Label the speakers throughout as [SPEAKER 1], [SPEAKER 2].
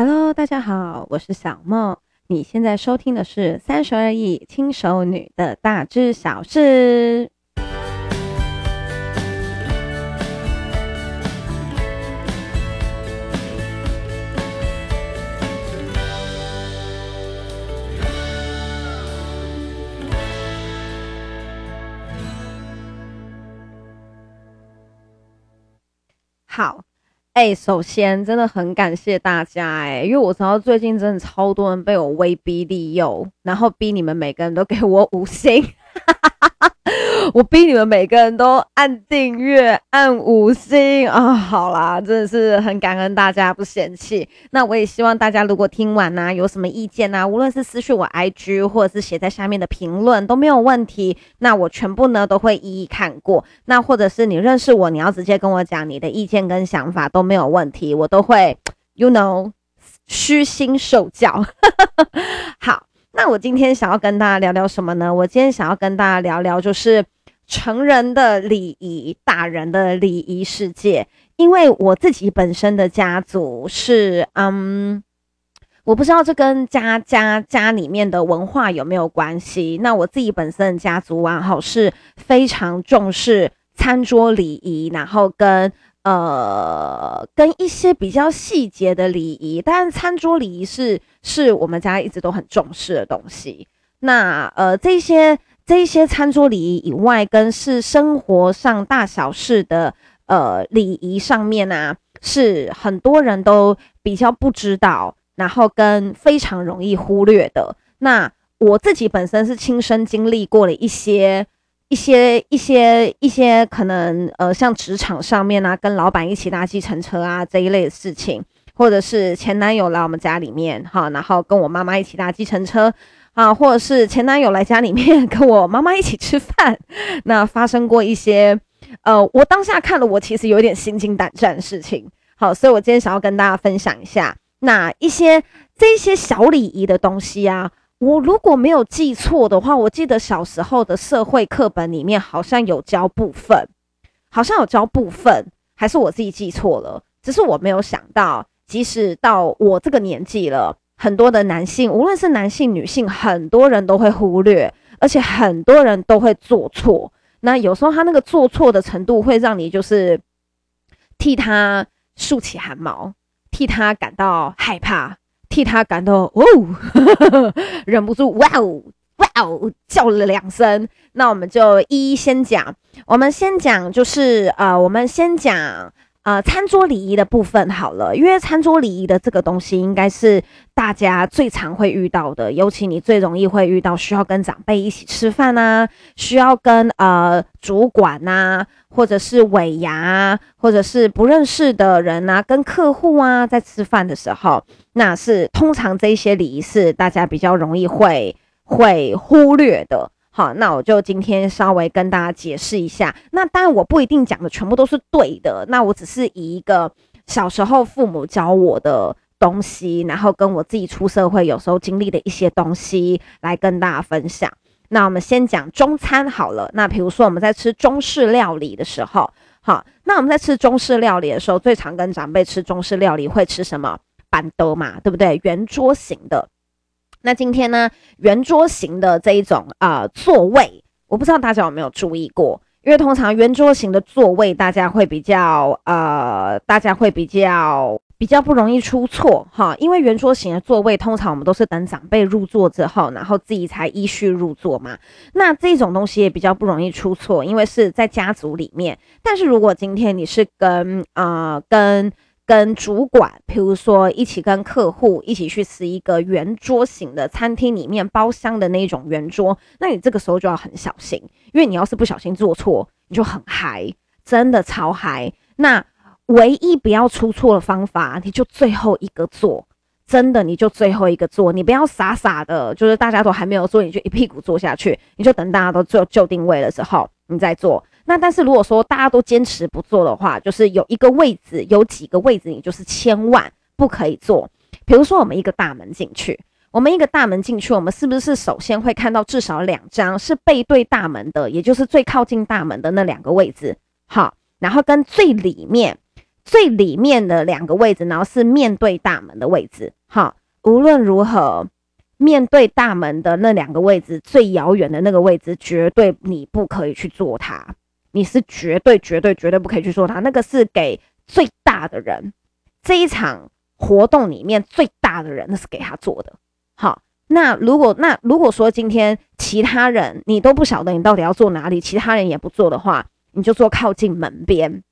[SPEAKER 1] 哈嘍，大家好，我是小夢。你現在收聽的是《三十而已》輕熟女的大知小事。好。哎、欸，首先真的很感謝大家，哎、欸，因為我知道最近真的超多人被我威逼利誘，然後逼你們每個人都給我五星。哈哈哈。 我逼你們每個人都按訂閱、按五星啊！好啦，真的是很感恩大家不嫌棄。那我也希望大家如果聽完吶、啊，有什麼意見吶、啊，無論是私訊我 IG，或者是寫在下面的評論都沒有問題。那我全部呢都會一一看過。那或者是你認識我，你要直接跟我講你的意見跟想法都沒有問題，我都會 you know 虛心受教。 好。那我今天想要跟大家聊聊什麼呢？我今天想要跟大家聊聊就是成人的禮儀，大人的禮儀世界。因為我自己本身的家族是，嗯，我不知道這跟家家家裡面的文化有沒有關係。那我自己本身的家族啊，然後是非常重視餐桌禮儀，然後跟，呃，跟一些比較細節的禮儀，但是餐桌禮儀是是我們家一直都很重視的東西。那呃，這些這些餐桌禮儀以外，跟是生活上大小事的呃禮儀上面啊，是很多人都比較不知道，然後跟非常容易忽略的。那我自己本身是親身經歷過了一些。一些一些一些可能呃，像職場上面啊，跟老板一起搭計程車啊這一類的事情，或者是前男友來我們家裡面哈，然後跟我媽媽一起搭計程車啊，或者是前男友來家裡面跟我媽媽一起吃飯，那發生過一些呃，我當下看了我其實有點心驚膽戰的事情。好，所以我今天想要跟大家分享一下那一些這一些小禮儀的東西啊。我如果沒有記錯的話，我記得小時候的社會課本裡面好像有教部分，好像有教部分，還是我自己記錯了。只是我沒有想到，即使到我這個年紀了，很多的男性，無論是男性女性，很多人都會忽略，而且很多人都會做錯。那有時候他那個做錯的程度，會讓你就是替他豎起寒毛，替他感到害怕。替他感到哦呵呵呵，忍不住哇哦哇哦叫了兩聲。那我們就一一先講，我們先講就是呃，我們先講。啊、呃，餐桌禮儀的部分好了，因為餐桌禮儀的這個東西，應該是大家最常會遇到的，尤其你最容易會遇到需要跟長輩一起吃飯啊，需要跟呃主管啊，或者是尾牙啊，或者是不認識的人啊，跟客戶啊，在吃飯的時候，那是通常這一些禮儀是大家比較容易會會忽略的。好，那我就今天稍微跟大家解釋一下。那當然，我不一定講的全部都是對的。那我只是以一個小時候父母教我的東西，然後跟我自己出社會有時候經歷的一些東西來跟大家分享。那我們先講中餐好了。那比如說我們在吃中式料理的時候，好，那我們在吃中式料理的時候，最常跟長輩吃中式料理會吃什麼？辦桌嘛，對不對？圓桌型的。那今天呢，圓桌型的這一種呃座位，我不知道大家有沒有注意過，因為通常圓桌型的座位，大家會比較呃，大家會比較比較不容易出錯哈，因為圓桌型的座位，通常我們都是等長輩入座之後，然後自己才依序入座嘛。那這種東西也比較不容易出錯，因為是在家族裡面。但是如果今天你是跟啊、呃、跟跟主管，譬如說一起跟客戶一起去吃一個圓桌型的餐廳裡面包廂的那一種圓桌，那你這個時候就要很小心，因為你要是不小心坐錯，你就很嗨，真的超嗨。那唯一不要出錯的方法，你就最後一個坐，真的你就最後一個坐，你不要傻傻的，就是大家都還沒有坐，你就一屁股坐下去，你就等大家都就就定位的時候，你再坐。那但是如果說大家都堅持不做的話，就是有一個位置，有幾個位置，你就是千萬不可以做。比如說，我們一個大門進去，我們一個大門進去，我們是不是首先會看到至少兩張是背對大門的，也就是最靠近大門的那兩個位置？好，然後跟最裡面、最裡面的兩個位置，然後是面對大門的位置。好，無論如何，面對大門的那兩個位置，最遙遠的那個位置，絕對你不可以去做它。你是絕對、絕對、絕對不可以去坐他，那個是給最大的人，這一場活動裡面最大的人，那是給他坐的。好，那如果那如果說今天其他人你都不曉得你到底要坐哪裡，其他人也不坐的話，你就坐靠近門邊，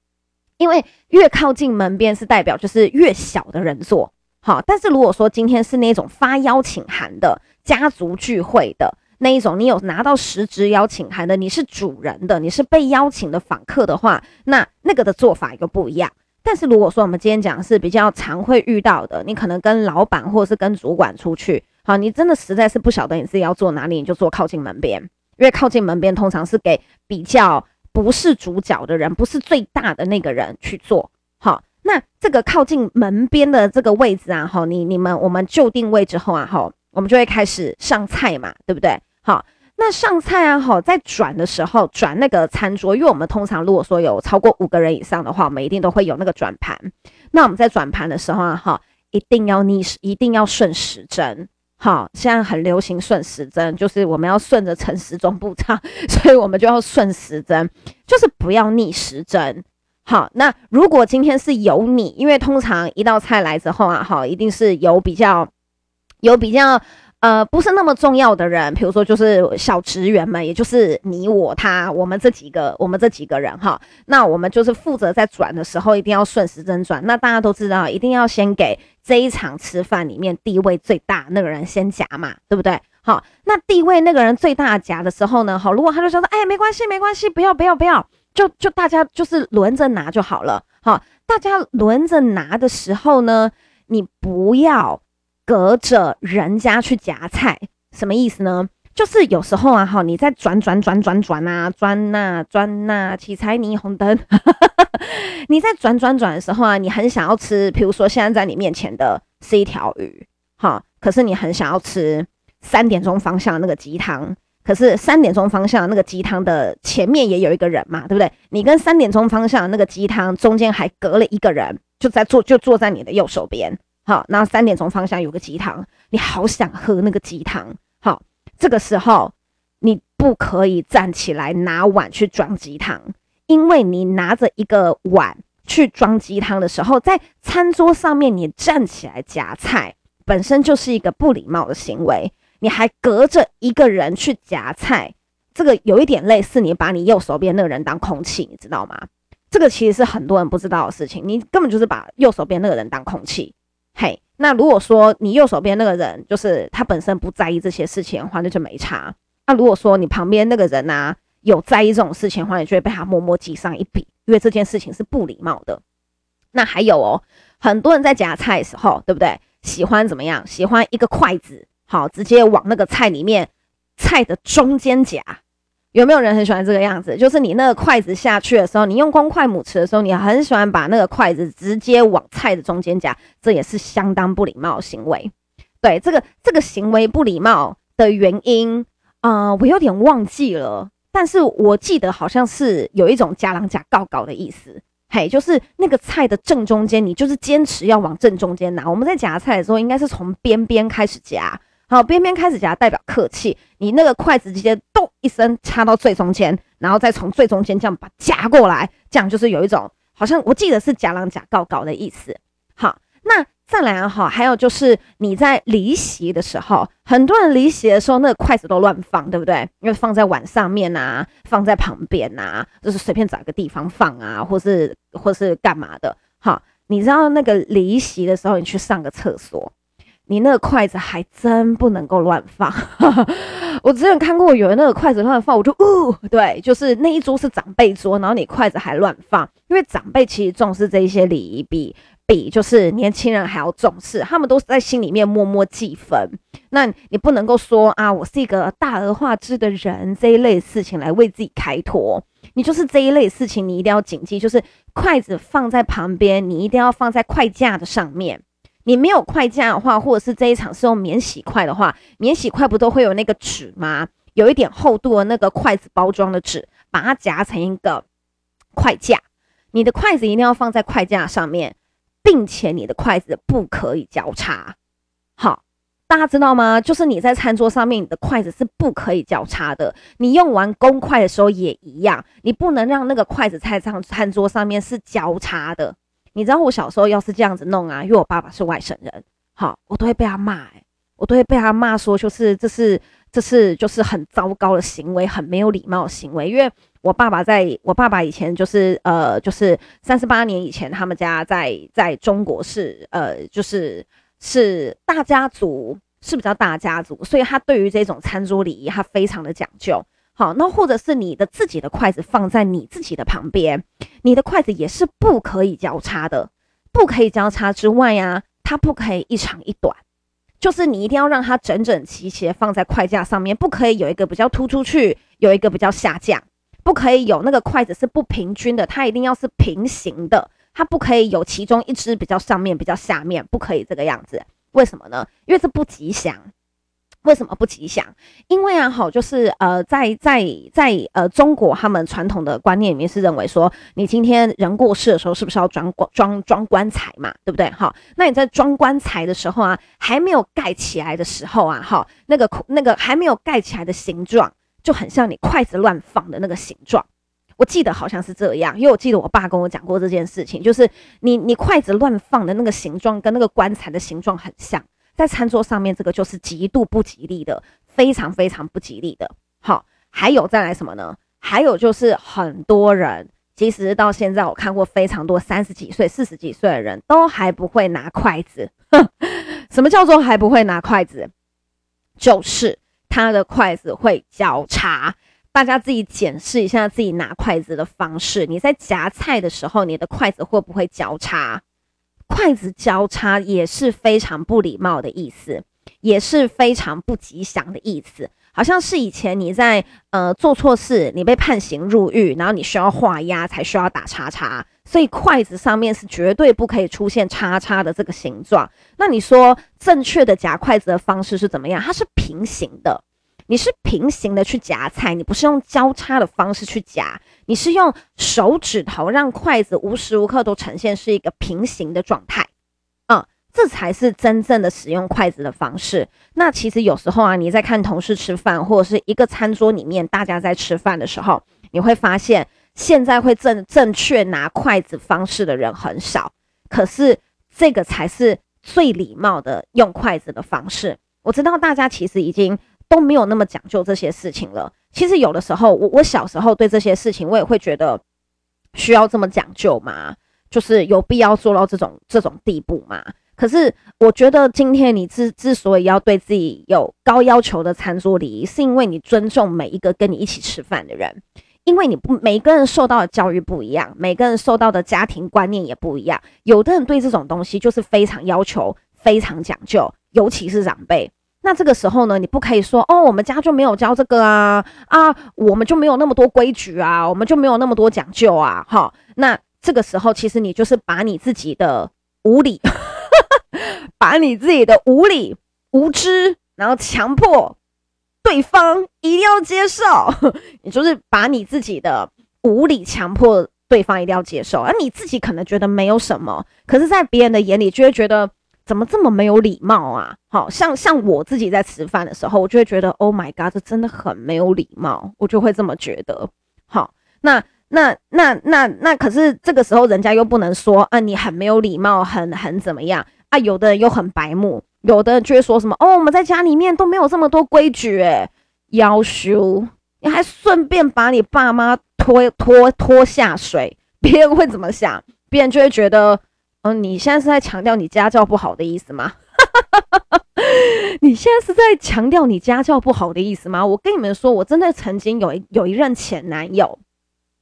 [SPEAKER 1] 因為越靠近門邊是代表就是越小的人坐。好，但是如果說今天是那種發邀請函的家族聚會的。那一種，你有拿到實職邀請函的，你是主人的，你是被邀請的訪客的話，那那個的做法又不一樣。但是如果說我們今天講是比較常會遇到的，你可能跟老闆或者是跟主管出去，好，你真的實在是不曉得你自己要坐哪裡，你就坐靠近門邊，因為靠近門邊通常是給比較不是主角的人，不是最大的那個人去坐。好，那這個靠近門邊的這個位置啊，好，你你們我們就定位之後啊，好，我們就會開始上菜嘛，對不對？好，那上菜啊，好，在轉的時候轉那個餐桌，因為我們通常如果說有超過五個人以上的話，我們一定都會有那個轉盤。那我們在轉盤的時候啊，哈，一定要逆時，一定要順時針。好，現在很流行順時針，就是我們要順着陳時中部長，所以我們就要順時針，就是不要逆時針。好，那如果今天是有你，因為通常一道菜來之後啊，好，一定是有比較，有比較。呃，不是那麼重要的人，比如說就是小職員們，也就是你我他，我們這幾個，我們這幾個人哈。那我們就是負責在轉的時候，一定要順時針轉。那大家都知道，一定要先給這一場吃飯裡面地位最大那個人先夾嘛，對不對？好，那地位那個人最大夾的時候呢，好，如果他就想說，哎、欸，沒關係，沒關係，不要，不要，不要，就就大家就是輪着拿就好了。好，大家輪着拿的時候呢，你不要。隔着人家去夾菜，什麼意思呢？就是有時候啊，哈，你在轉轉轉轉轉啊，轉吶、啊、轉吶、啊，七彩、啊、霓虹燈。 你在轉轉轉的時候啊，你很想要吃，比如說現在在你面前的是一條魚，哈，可是你很想要吃三點鐘方向那個雞湯，可是三點鐘方向那個雞湯的前面也有一個人嘛，對不對？你跟三點鐘方向那個雞湯中間還隔了一個人，就在坐，就坐在你的右手邊。好，然後三點鐘方向有個雞湯，你好想喝那個雞湯。好，這個時候你不可以站起來拿碗去裝雞湯，因為你拿着一個碗去裝雞湯的時候，在餐桌上面你站起來夾菜，本身就是一個不禮貌的行為，你還隔着一個人去夾菜，這個有一點類似你把你右手邊那個人當空氣，你知道嗎？這個其實是很多人不知道的事情，你根本就是把右手邊那個人當空氣。嘿，那如果說你右手邊那個人就是他本身不在意這些事情的話，那就沒差。那如果說你旁邊那個人呢，有在意這種事情的話，你就會被他默默記上一筆，因為這件事情是不禮貌的。那還有哦，很多人在夾菜的時候，對不對？喜歡怎麼樣？喜歡一個筷子好直接往那個菜裡面菜的中間夾。有沒有人很喜歡這個樣子？就是你那個筷子下去的時候，你用公筷母匙的時候，你很喜歡把那個筷子直接往菜的中間夾，這也是相當不禮貌的行為。對，這個這個行為不禮貌的原因啊、呃，我有點忘記了，但是我記得好像是有一種夾狼夾告告的意思，嘿，就是那個菜的正中間，你就是堅持要往正中間拿。我們在夾菜的時候，應該是從邊邊開始夾。好，邊邊開始夾代表客氣。你那個筷子，直接咚一聲插到最中間，然後再從最中間這樣把它夾過來，這樣就是有一種好像我記得是夾浪夾高高的意思。好，那再來啊，還有就是你在離席的時候，很多人離席的時候那個筷子,都亂放，對不對？因為放在碗上面啊，放在旁邊啊，就是隨便找一個地方放啊，或是或是幹嘛的。好，你知道那個離席的時候，你去上個廁所。你那個筷子還真不能夠亂放。 我之前看過，有人那個筷子亂放，我就哦、呃，對，就是那一桌是長輩桌，然後你筷子還亂放，因為長輩其實重視這一些禮儀，比比就是年輕人還要重視，他們都是在心裡面默默記分。那你不能夠說啊，我是一個大而化之的人這一類事情來為自己開脫。你就是這一類事情，你一定要謹記，就是筷子放在旁邊，你一定要放在筷架的上面。你沒有筷架的話，或者是這一場是用免洗筷的話，免洗筷不都會有那個紙嗎？有一點厚度的那個筷子包裝的紙，把它夾成一個筷架。你的筷子一定要放在筷架上面，並且你的筷子不可以交叉。好，大家知道嗎？就是你在餐桌上面，你的筷子是不可以交叉的。你用完公筷的時候也一樣，你不能讓那個筷子在餐桌上面是交叉的。你知道我小時候要是這樣子弄啊，因為我爸爸是外省人，好、哦，我都會被他罵，哎，我都會被他罵說，就是這是這是就是很糟糕的行為，很沒有禮貌的行為。因為我爸爸在我爸爸以前就是呃就是三十八年以前，他們家在在中國是呃就是是大家族，是比較大家族，所以他對於這種餐桌禮儀，他非常的講究。好，那或者是你的自己的筷子放在你自己的旁邊，你的筷子也是不可以交叉的，不可以交叉之外呀、啊，它不可以一長一短，就是你一定要讓它整整齊齊放在筷架上面，不可以有一個比較突出去，有一個比較下降，不可以有那個筷子是不平均的，它一定要是平行的，它不可以有其中一隻比較上面，比較下面，不可以這個樣子，為什麼呢？因為這不吉祥。為什麼不吉祥？因為啊，好，就是呃，在在在呃，中國他們傳統的觀念裡面是認為說，你今天人過世的時候，是不是要裝棺裝裝棺材嘛，對不對？好，那你在裝棺材的時候啊，還沒有蓋起來的時候啊，好，那個那個還沒有蓋起來的形狀，就很像你筷子亂放的那個形狀。我記得好像是這樣，因為我記得我爸跟我講過這件事情，就是你你筷子亂放的那個形狀，跟那個棺材的形狀很像。在餐桌上面，這個就是極度不吉利的，非常非常不吉利的。好、哦，還有再來什麼呢？還有就是很多人，其實到現在我看過非常多三十幾歲、四十幾歲的人都還不會拿筷子。哼，什麼叫做還不會拿筷子？就是他的筷子會交叉。大家自己檢視一下自己拿筷子的方式。你在夾菜的時候，你的筷子會不會交叉？筷子交叉也是非常不禮貌的意思，也是非常不吉祥的意思。好像是以前你在呃做錯事，你被判刑入獄，然後你需要畫押才需要打叉叉，所以筷子上面是絕對不可以出現叉叉的這個形狀。那你說正確的夾筷子的方式是怎麼樣？它是平行的。你是平行的去夾菜，你不是用交叉的方式去夾，你是用手指頭讓筷子無時無刻都呈現是一個平行的狀態，嗯，這才是真正的使用筷子的方式。那其實有時候啊，你在看同事吃飯，或者是一個餐桌裡面大家在吃飯的時候，你會發現現在會正正確拿筷子方式的人很少，可是這個才是最禮貌的用筷子的方式。我知道大家其實已經。都沒有那麼講究這些事情了。其實有的時候，我我小時候對這些事情，我也會覺得需要這麼講究嗎？就是有必要做到這種這種地步嗎？可是我覺得，今天你之之所以要對自己有高要求的餐桌禮儀，是因為你尊重每一個跟你一起吃飯的人，因為你不，每個人受到的教育不一樣，每個人受到的家庭觀念也不一樣。有的人對這種東西就是非常要求、非常講究，尤其是長輩。那這個時候呢，你不可以說哦，我們家就沒有教這個啊，啊，我們就沒有那麼多規矩啊，我們就沒有那麼多講究啊。好，那這個時候其實你就是把你自己的無理， 把你自己的無理無知，然後強迫對方一定要接受。 你就是把你自己的無理強迫對方一定要接受，而、啊、你自己可能覺得沒有什麼，可是，在別人的眼裡就會覺得。怎麼這麼沒有禮貌啊？好像像我自己在吃飯的時候，我就會覺得，Oh my God，這真的很沒有禮貌，我就會這麼覺得。好，那那那那那，可是這個時候人家又不能說，啊，你很沒有禮貌，很很怎麼樣啊？有的人又很白目，有的人就會說什麼，哦、oh,，我們在家裡面都沒有這麼多規矩、欸，哎，夭壽，你還順便把你爸媽拖拖拖下水，別人會怎麼想？別人就會覺得。嗯、哦，你現在是在強調你家教不好的意思嗎？ 你現在是在強調你家教不好的意思嗎？我跟你們說，我真的曾經有一有一任前男友，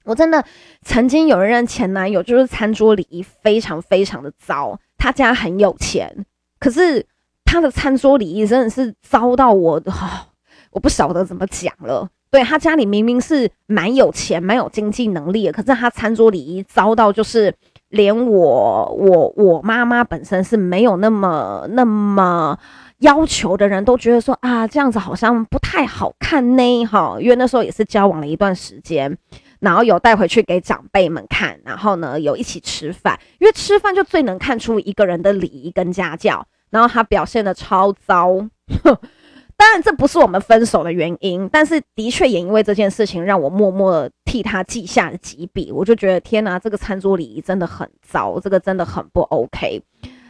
[SPEAKER 1] 我真的曾經有一任前男友，就是餐桌禮儀非常非常的糟。他家很有錢，可是他的餐桌禮儀真的是糟到我，哦、我不曉得怎麼講了。對，他家裡明明是蠻有錢、蠻有經濟能力的，可是他餐桌禮儀糟到就是。連我我我媽媽本身是沒有那麼那麼要求的人都覺得說啊，這樣子好像不太好看呢哈，因為那時候也是交往了一段時間，然後有帶回去給長輩們看，然後呢有一起吃飯，因為吃飯就最能看出一個人的禮儀跟家教，然後他表現得超糟哼。當然這不是我們分手的原因，但是的確也因為這件事情讓我默默替他記下了幾筆。我就覺得天哪，這個餐桌禮儀真的很糟，這個真的很不 OK。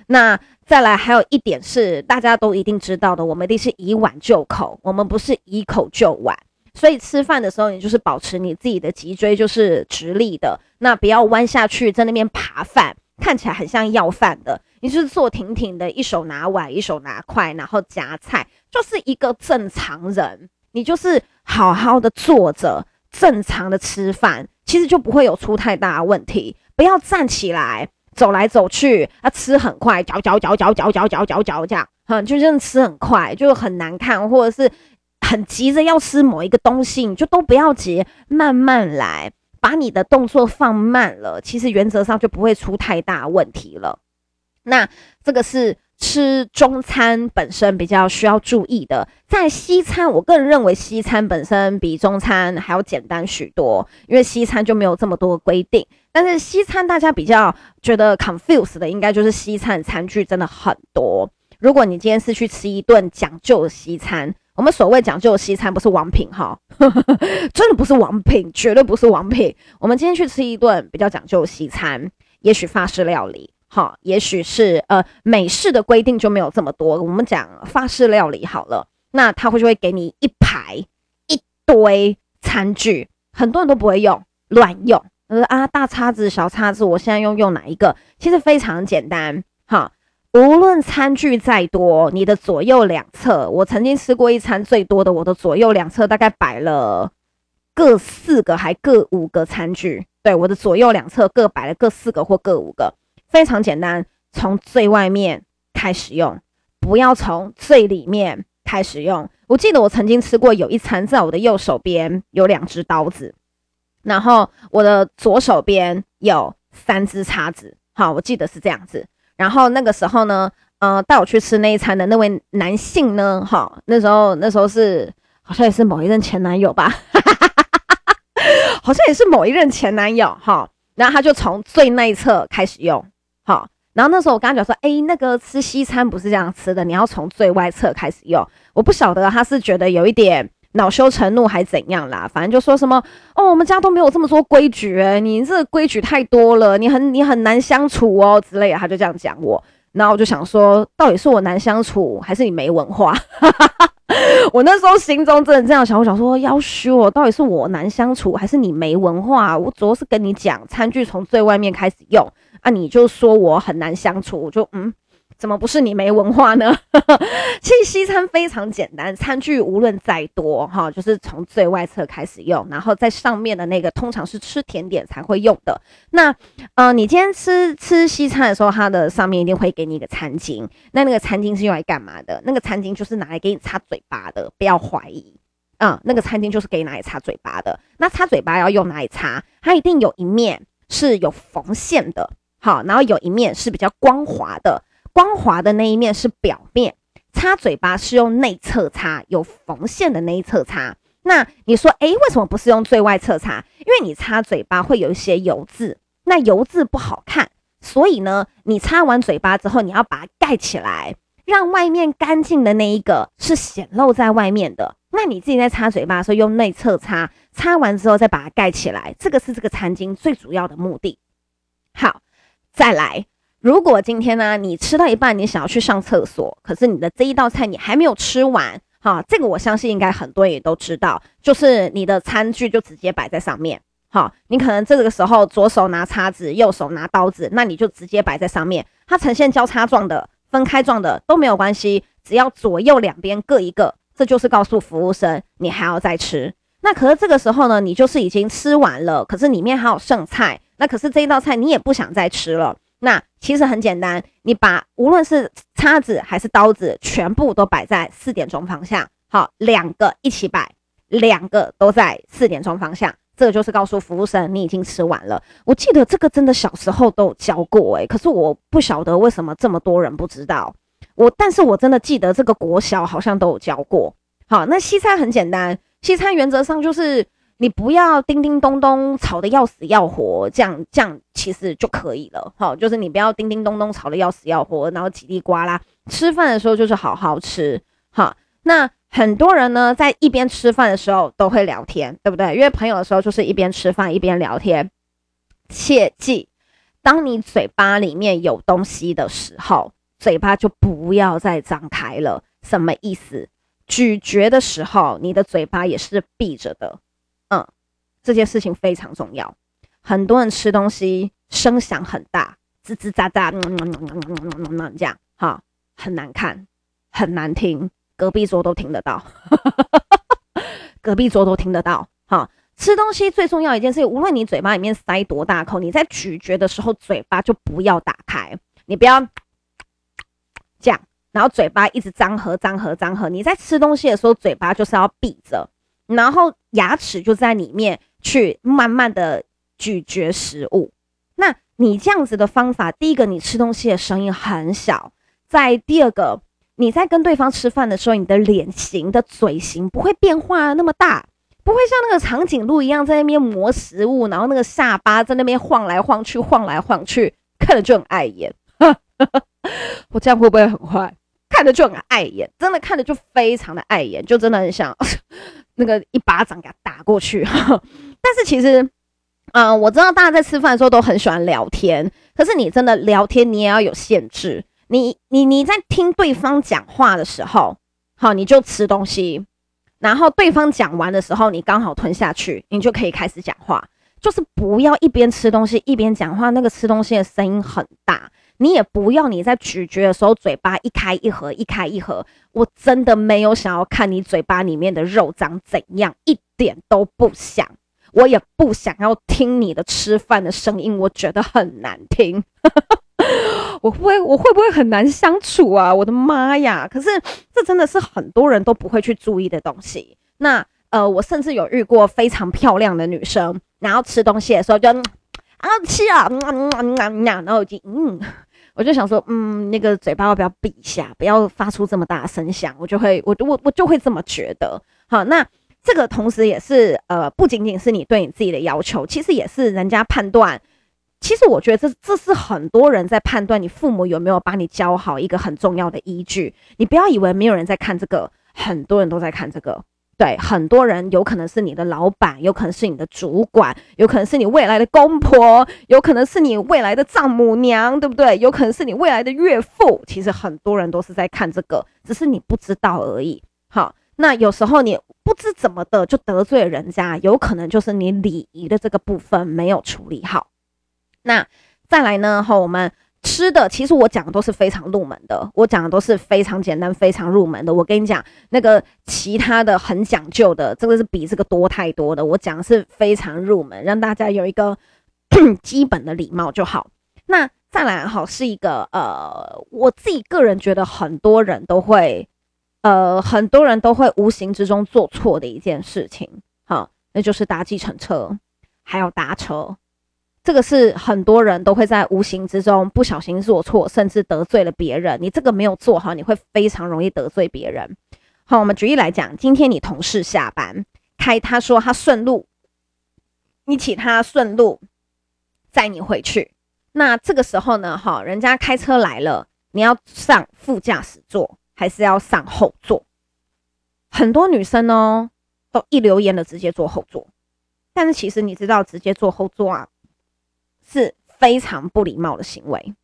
[SPEAKER 1] 那再來還有一點是，大家都一定知道的，我們一定是以碗就口，我們不是以口就碗。所以吃飯的時候，你就是保持你自己的脊椎就是直立的，那不要彎下去在那邊扒飯。看起來很像要飯的，你就是坐挺挺的，一手拿碗，一手拿筷，然後夾菜，就是一個正常人。你就是好好的坐着，正常的吃飯，其實就不會有出太大的問題。不要站起來走來走去，啊，吃很快，嚼嚼嚼嚼嚼嚼嚼嚼嚼、嚼這樣，哼、嗯，就這樣吃很快，就很難看，或者是很急着要吃某一個東西，你就都不要急，慢慢來。把你的動作放慢了，其實原則上就不會出太大問題了。那這個是吃中餐本身比較需要注意的。在西餐，我個人認為西餐本身比中餐還要簡單許多，因為西餐就沒有這麼多的規定。但是西餐大家比較覺得 confuse 的，應該就是西餐餐具真的很多。如果你今天是去吃一頓講究的西餐，我們所謂講究的西餐不是王品哈，真的不是王品，絕對不是王品。我們今天去吃一頓比較講究西餐，也許法式料理哈，也許是呃美式的規定就沒有這麼多。我們講法式料理好了，那他會就會給你一排一堆餐具，很多人都不會用，亂用。他說，啊大叉子小叉子，我現在用用哪一個？其實非常簡單哈。無論餐具再多，你的左右兩側，我曾經吃過一餐最多的，我的左右兩側大概擺了各四個，還各五個餐具。對，我的左右兩側各擺了各四個或各五個，非常簡單，從最外面開始用，不要從最裡面開始用。我記得我曾經吃過有一餐，在我的右手邊有兩隻刀子，然後我的左手邊有三隻叉子。好，我記得是這樣子。然後那個時候呢，呃，帶我去吃那一餐的那位男性呢，哈，那時候那時候是好像也是某一任前男友吧，哈哈哈哈哈，好像也是某一任前男友哈。然後他就從最內側開始用，齁，然後那時候我跟他講說，誒，那個吃西餐不是這樣吃的，你要從最外側開始用。我不曉得他是覺得有一點。惱羞成怒還怎樣啦？反正就說什麼哦，我們家都沒有這麼多規矩、欸，你這規矩太多了，你很你很難相處哦、喔、之類的。他就這樣講我，然後我就想說，到底是我難相處，還是你沒文化？ 我那時候心中真的這樣想，我想說，夭壽、喔、到底是我難相處，還是你沒文化？我主要是跟你講，餐具從最外面開始用，啊，你就說我很難相處，我就嗯。怎麼不是你沒文化呢？其 實西餐非常簡單，餐具無論再多哈、哦，就是從最外側開始用，然後在上面的那個通常是吃甜點才會用的。那，呃，你今天吃吃西餐的時候，它的上面一定會給你一個餐巾。那那個餐巾是用來幹嘛的？那個餐巾就是拿來給你擦嘴巴的，不要懷疑啊、嗯，那個餐巾就是給你拿來擦嘴巴的。那擦嘴巴要用哪裡擦？它一定有一面是有縫線的，好、哦，然後有一面是比較光滑的。光滑的那一面是表面，擦嘴巴是用內側擦，有縫線的那一側擦。那你說，誒，為什麼不是用最外側擦？因為你擦嘴巴會有一些油漬，那油漬不好看。所以呢，你擦完嘴巴之後，你要把它蓋起來，讓外面乾淨的那一個是顯露在外面的。那你自己在擦嘴巴的時候用內側擦，擦完之後再把它蓋起來，這個是這個餐巾最主要的目的。好，再來。如果今天呢、啊，你吃到一半，你想要去上廁所，可是你的這一道菜你還沒有吃完，哈，這個我相信應該很多人也都知道，就是你的餐具就直接擺在上面，哈，你可能這個時候左手拿叉子，右手拿刀子，那你就直接擺在上面，它呈現交叉狀的、分開狀的都沒有關係，只要左右兩邊各一個，這就是告訴服務生你還要再吃。那可是這個時候呢，你就是已經吃完了，可是裡面還有剩菜，那可是這一道菜你也不想再吃了。那其實很簡單，你把無論是叉子還是刀子，全部都擺在四點鐘方向。好，兩個一起擺，兩個都在四點鐘方向。這個、就是告訴服務生你已經吃完了。我記得這個真的小時候都有教過哎、欸，可是我不曉得為什麼這麼多人不知道。我但是我真的記得這個國小好像都有教過。好，那西餐很簡單，西餐原則上就是。你不要叮叮咚咚吵得要死要活，這樣這樣其實就可以了。好，就是你不要叮叮咚咚吵得要死要活，然後嘰里呱啦。吃飯的時候就是好好吃。好，那很多人呢在一邊吃飯的時候都會聊天，對不對？因為朋友的時候就是一邊吃飯一邊聊天。切記，當你嘴巴裡面有東西的時候，嘴巴就不要再張開了。什麼意思？咀嚼的時候，你的嘴巴也是閉着的。這件事情非常重要。很多人吃東西聲響很大，滋滋喳喳喳，嗯嗯嗯嗯嗯、這樣哈、哦、很難看，很難聽，隔壁桌都聽得到。呵呵呵呵隔壁桌都聽得到。哈、哦，吃東西最重要一件事，無論你嘴巴裡面塞多大口，你在咀嚼的時候嘴巴就不要打開，你不要這樣，然後嘴巴一直張合張合張合。你在吃東西的時候，嘴巴就是要閉着，然後牙齒就在裡面。去慢慢的咀嚼食物。那你這樣子的方法，第一個，你吃東西的聲音很小；再第二個，你在跟對方吃飯的時候，你的臉型的嘴型不會變化那麼大，不會像那個長頸鹿一樣在那邊磨食物，然後那個下巴在那邊晃來晃去、晃來晃去，看着就很礙眼。 我這樣會不會很壞？看着就很礙眼，真的看着就非常的礙眼，就真的很想那個一巴掌給他打過去。但是其實，嗯，我知道大家在吃飯的時候都很喜歡聊天，可是你真的聊天，你也要有限制。你你你在聽對方講話的時候，好，你就吃東西，然後對方講完的時候，你剛好吞下去，你就可以開始講話。就是不要一邊吃東西一邊講話，那個吃東西的聲音很大，你也不要你在咀嚼的時候嘴巴一開一合，一開一合。我真的沒有想要看你嘴巴裡面的肉長怎樣，一點都不想。我也不想要聽你的吃飯的聲音，我覺得很難聽。 我會我會不會很難相處啊？我的媽呀！可是這真的是很多人都不會去注意的東西。那呃，我甚至有遇過非常漂亮的女生，然後吃東西的時候就啊吃啊、嗯，然後我就嗯，我就想說嗯，那個嘴巴要不要閉一下，不要發出這麼大聲響。我就會我我我就會這麼覺得。好，那。這個同時也是，呃，不僅僅是你對你自己的要求，其實也是人家判斷。其實我覺得這這是很多人在判斷你父母有沒有把你教好一個很重要的依據。你不要以為沒有人在看這個，很多人都在看這個。對，很多人有可能是你的老闆，有可能是你的主管，有可能是你未來的公婆，有可能是你未來的丈母娘，對不對？有可能是你未來的岳父。其實很多人都是在看這個，只是你不知道而已。好。那有時候你不知怎麼的就得罪人家，有可能就是你禮儀的這個部分沒有處理好。那再來呢？吼，我們吃的其實我講的都是非常入門的，我講的都是非常簡單、非常入門的。我跟你講，那個其他的很講究的，這個是比這個多太多的。我講的是非常入門，讓大家有一個 基本的禮貌就好。那再來哈，是一個呃，我自己個人覺得很多人都會。呃，很多人都會無形之中做錯的一件事情，哈、哦，那就是搭計程車，還有搭車，這個是很多人都會在無形之中不小心做錯，甚至得罪了別人。你這個沒有做好，你會非常容易得罪別人。好、哦，我們舉例來講，今天你同事下班開，他說他順路，你請他順路載你回去，那這個時候呢，哈、哦，人家開車來了，你要上副駕駛座，還是要上後座，很多女生呢、喔、都一溜煙的直接坐後座，但是其實你知道直接坐後座啊是非常不禮貌的行為，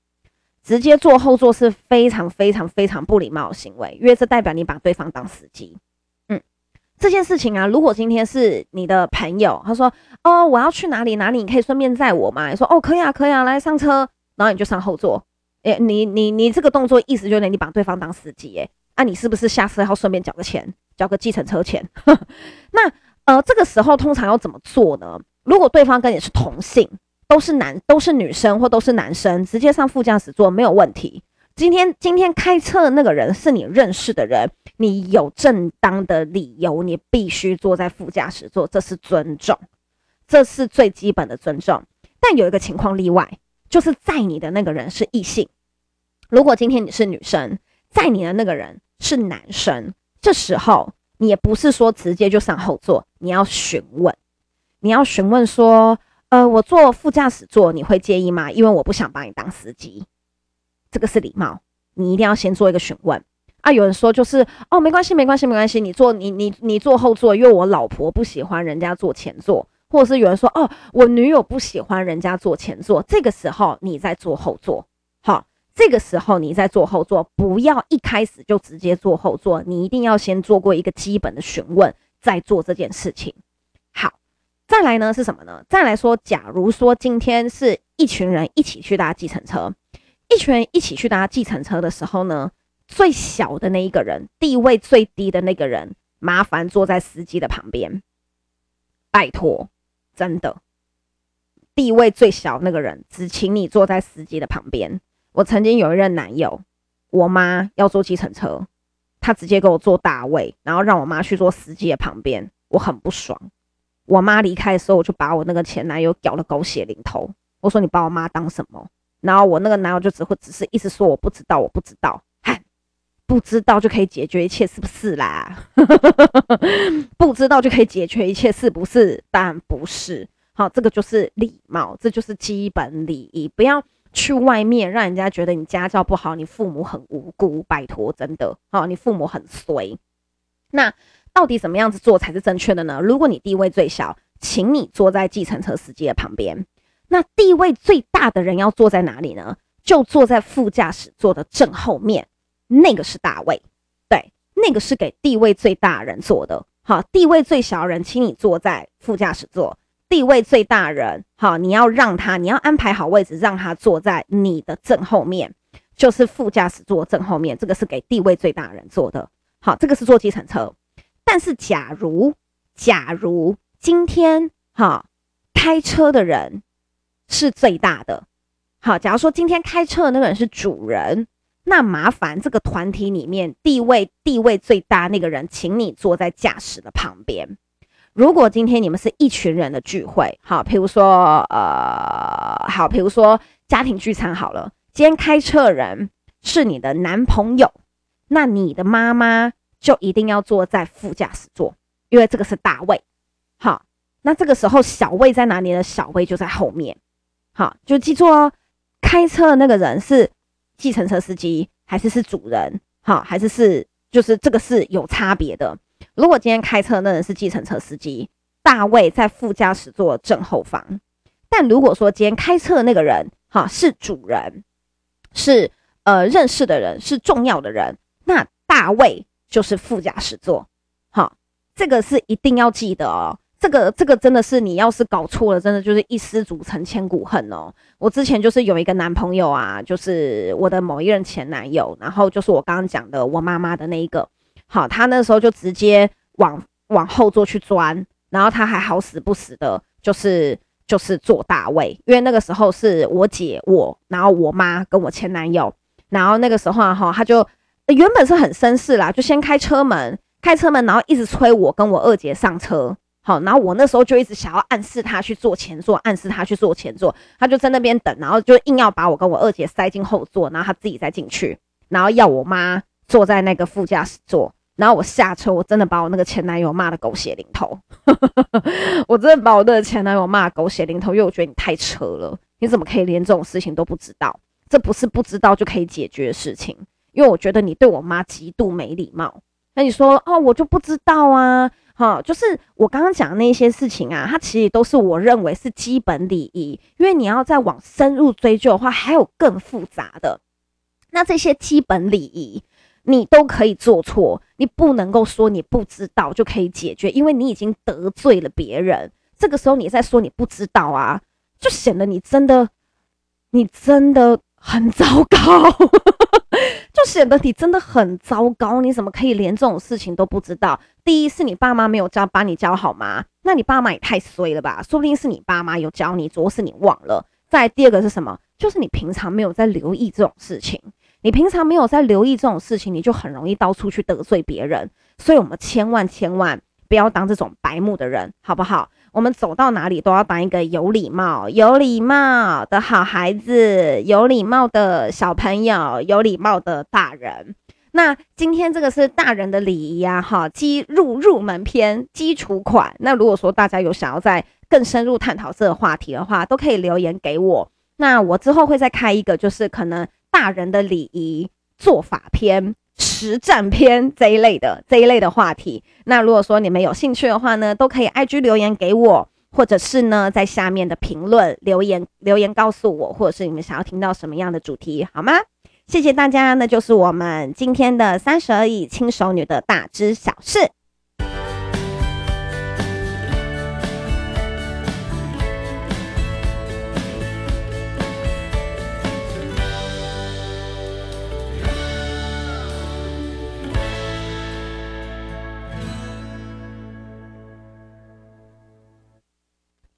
[SPEAKER 1] 直接坐後座是非常非常非常不禮貌的行為，因為這代表你把對方當司機。嗯，這件事情啊，如果今天是你的朋友，他說哦，我要去哪裡哪裡，你可以順便載我嗎？你說哦，可以啊可以啊，來，上車，然後你就上後座。誒、欸，你你你這個動作意思就是你把對方當司機誒、欸？那、啊、你是不是下次還要順便繳個錢，繳個計程車錢？呵呵。那呃，這個時候通常要怎麼做呢？如果對方跟你是同性，都是男都是女生或都是男生，直接上副駕駛座沒有問題。今天今天開車的那個人是你認識的人，你有正當的理由，你必須坐在副駕駛座，這是尊重，這是最基本的尊重。但有一個情況例外。就是載你的那個人是異性，如果今天你是女生，載你的那個人是男生，這時候你也不是說直接就上後座，你要詢問，你要詢問說，呃，我坐副駕駛座你會介意嗎？因為我不想把你當司機，這個是禮貌，你一定要先做一個詢問啊。有人說就是哦，沒關係，沒關係，沒關係，你坐你你你坐後座，因為我老婆不喜歡人家坐前座。或是有人說哦，我女友，不喜歡人家坐前座。這個哦，這個時候你在坐後座，好，這個時候你在坐後座，不要一開始就直接坐後座，你一定要先做過一個基本的詢問再做這件事情。好，再來呢是什麼呢？再來說，假如說今天是一群人一起去搭計程車，一群人一起去搭計程車的時候呢，最小的那一個人，地位最低的那個人，麻煩坐在司機的旁邊，拜托。真的，地位最小那個人只請你坐在司機的旁邊。我曾經有一任男友，我媽要坐計程車，她直接給我坐大位，然後讓我媽去坐司機的旁邊，我很不爽。我媽離開的時候，我就把我那個前男友屌了狗血淋頭。我說：“你把我媽當什麼？”然後我那個男友就只會只是一直說：“我不知道，我不知道。”不知道就可以解決一切，是不是啦？ 不知道就可以解決一切，是不是？但不是。好、哦，這個就是禮貌，這就是基本禮儀。不要去外面讓人家覺得你家教不好，你父母很無辜，拜托，真的。好、哦，你父母很衰。那到底怎麼樣子做才是正確的呢？如果你地位最小，請你坐在計程車司機的旁邊。那地位最大的人要坐在哪裡呢？就坐在副駕駛座的正後面。那個是大位，對，那個是給地位最大人坐的。好，地位最小人，請你坐在副駕駛座。地位最大人，好，你要讓他，你要安排好位置，讓他坐在你的正後面，就是副駕駛座正後面。這個是給地位最大人坐的。好，這個是坐計程車。但是，假如，假如今天，好，開車的人是最大的。好，假如說今天開車的那個人是主人。那麻煩這個團體裡面地位地位，最大那個人，請你坐在駕駛的旁邊。如果今天你們是一群人的聚會，好，譬如說，呃，好，譬如說家庭聚餐好了，今天開車的人是你的男朋友，那你的媽媽就一定要坐在副駕駛座，因為這個是大位。好，那這個時候小位在哪裡呢？的小位就在後面。好，就記住哦、喔，開車的那個人是。計程車司機還是是主人哈、哦，還是是就是這個是有差別的。如果今天開車的那人是計程車司機，大位在副駕駛座正後方。但如果說今天開車的那個人哈、哦、是主人，是呃認識的人，是重要的人，那大位就是副駕駛座。哈、哦，這個是一定要記得哦這個這個真的是你要是搞錯了，真的就是一失足成千古恨哦。我之前就是有一個男朋友啊，就是我的某一任前男友，然後就是我剛剛講的我媽媽的那一個。好，他那時候就直接往往後座去鑽，然後他還好死不死的、就是，就是就是坐大位，因為那個時候是我姐我，然後我媽跟我前男友，然後那個時候哈、啊，他就、欸、原本是很紳士啦，就先開車門開車門，然後一直催我跟我二姐上車。好，然後我那時候就一直想要暗示他去坐前座，暗示他去坐前座，他就在那邊等，然後就硬要把我跟我二姐塞進後座，然後他自己再進去，然後要我媽坐在那個副駕駛座，然後我下車，我真的把我那個前男友罵的狗血淋頭， 我真的把我的前男友罵狗血淋頭，因為我覺得你太扯了，你怎麼可以連這種事情都不知道？這不是不知道就可以解決的事情，因為我覺得你對我媽極度沒禮貌。那你說哦，我就不知道啊。哦，就是我剛剛講的那些事情啊，它其實都是我認為是基本禮儀。因為你要再往深入追究的話，還有更複雜的。那這些基本禮儀，你都可以做錯，你不能夠說你不知道就可以解決，因為你已經得罪了別人。這個時候你再說你不知道啊，就顯得你真的，你真的。很糟糕， 就顯得你真的很糟糕。你怎麼可以連這種事情都不知道？第一是你爸媽沒有教，把你教好嗎？那你爸媽也太衰了吧？說不定是你爸媽有教你，主要是你忘了。再第二個是什麼？就是你平常沒有在留意這種事情。你平常沒有在留意這種事情，你就很容易到處去得罪別人。所以我們千萬千萬不要當這種白目的人，好不好？我們走到哪裡都要當一個有禮貌、有禮貌的好孩子，有禮貌的小朋友，有禮貌的大人。那今天這個是大人的禮儀呀，哈，基入入門篇，基礎款。那如果說大家有想要再更深入探討這個話題的話，都可以留言給我。那我之後會再開一個，就是可能大人的禮儀做法篇。實戰篇這一類的這一類的話題，那如果說你們有興趣的話呢，都可以 I G 留言給我，或者是呢，在下面的評論留言留言告訴我，或者是你們想要聽到什麼樣的主題，好嗎？謝謝大家，那就是我們今天的三十而已輕熟女的大知小事。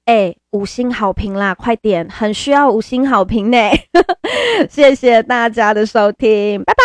[SPEAKER 1] 哎、欸，五星好評啦！快點，很需要五星好評呢、欸。 謝謝大家的收聽，拜拜。